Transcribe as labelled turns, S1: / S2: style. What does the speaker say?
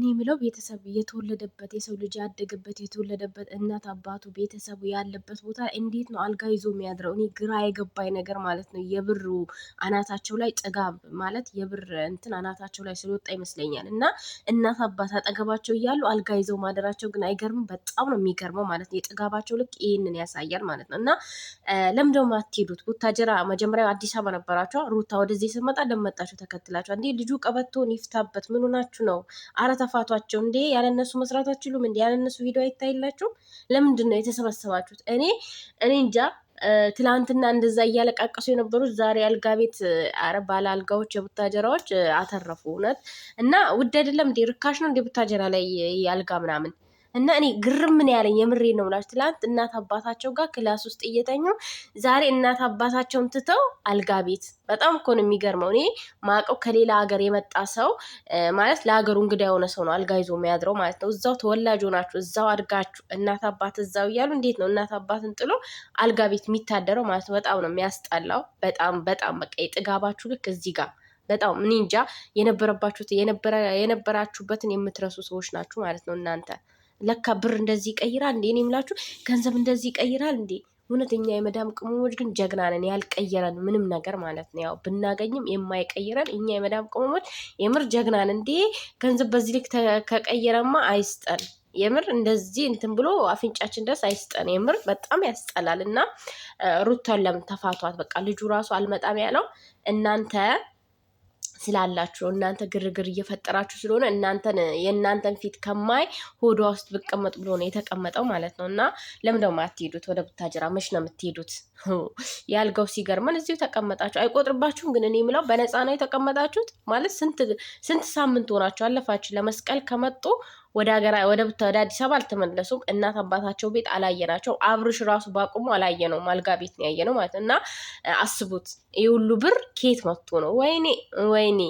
S1: እኔ የምለው ቤተሰብ የተወለደበት የሰው ልጅ ያደገበት የተወለደበት እናት አባቱ ቤተሰቡ ያለበት ቦታ እንዴት ነው አልጋ ይዞ የሚያድረው? እኔ ግራ የገባኝ ነገር ማለት ነው የብሩ አናታቸው ላይ ጥጋብ ማለት የብር እንትን አናታቸው ላይ ስለወጣ ይመስለኛል። እና እናት አባት አጠገባቸው እያሉ አልጋ ይዘው ማደራቸው ግን አይገርምም? በጣም ነው የሚገርመው ማለት ነው። የጥጋባቸው ልክ ይህንን ያሳያል ማለት ነው። እና ለምደው ማትሄዱት ቡታጀራ መጀመሪያ አዲስ አበባ ነበራቸው። ሩታ ወደዚህ ስመጣ ለመጣችሁ ተከትላቸው እንዴ ልጁ ቀበቶን ይፍታበት ምኑ ናችሁ ነው አረታ ጥፋቷቸው እንዴ? ያለነሱ መስራት አትችሉም እንዴ? ያለነሱ ቪዲዮ አይታይላችሁም? ለምንድን ነው የተሰበሰባችሁት? እኔ እኔ እንጃ። ትላንትና እንደዛ እያለቃቀሱ የነበሩት ዛሬ አልጋ ቤት አረ ባለ አልጋዎች የቡታጀራዎች አተረፉ እውነት። እና ውድ አይደለም እንዴ? ርካሽ ነው እንዴ ቡታጀራ ላይ የአልጋ ምናምን እና እኔ ግርም ምን ያለኝ የምሬ ነው ብላችሁ ትላንት እናት አባታቸው ጋር ክላስ ውስጥ እየተኙ ዛሬ እናት አባታቸውን ትተው አልጋ ቤት። በጣም እኮ ነው የሚገርመው። እኔ ማቀው ከሌላ ሀገር የመጣ ሰው ማለት ለሀገሩ እንግዳ የሆነ ሰው ነው አልጋ ይዞ የሚያድረው ማለት ነው። እዛው ተወላጅ ሆናችሁ እዛው አድጋችሁ እናት አባት እዛው እያሉ እንዴት ነው እናት አባትን ጥሎ አልጋ ቤት የሚታደረው ማለት ነው? በጣም ነው የሚያስጠላው። በጣም በጣም በቃ የጥጋባችሁ ልክ እዚህ ጋር በጣም እኔ እንጃ የነበረባችሁት የነበራችሁበትን የምትረሱ ሰዎች ናችሁ ማለት ነው እናንተ ለካ ብር እንደዚህ ይቀይራል እንዴ? እኔ የምላችሁ ገንዘብ እንደዚህ ይቀይራል እንዴ? እውነተኛ የመዳም ቅመሞች ግን ጀግና ነን። ያልቀየረን ምንም ነገር ማለት ነው። ያው ብናገኝም የማይቀይረን እኛ የመዳም ቅመሞች የምር ጀግና ነን እንዴ! ገንዘብ በዚህ ልክ ከቀየረማ አይስጠን የምር እንደዚህ እንትን ብሎ አፍንጫችን ድረስ አይስጠን። የምር በጣም ያስጠላል። እና ሩታን ለምን ተፋቷት? በቃ ልጁ ራሱ አልመጣም ያለው እናንተ ስላላችሁ እናንተ ግርግር እየፈጠራችሁ ስለሆነ እናንተን የእናንተን ፊት ከማይ ሆዷ ውስጥ ብቀመጥ ብሎ ነው የተቀመጠው ማለት ነው። እና ለምን ደግሞ አትሄዱት? ወደ ቡታጅራ መች ነው የምትሄዱት? ያልገው ሲገርመን እዚሁ ተቀመጣችሁ። አይቆጥርባችሁም ግን እኔ የምለው በነፃ ነው የተቀመጣችሁት ማለት ስንት ስንት ሳምንት ሆናችሁ አለፋችሁ ለመስቀል ከመጡ ወደ ሀገራ ወደ አዲስ አበባ አልተመለሱም። እናት አባታቸው ቤት አላየናቸው። አብርሽ ራሱ በአቁሙ አላየ ነው ማልጋ ቤት ነው ያየ ነው ማለት እና አስቡት፣ የሁሉ ብር ኬት መጥቶ ነው? ወይኔ ወይኔ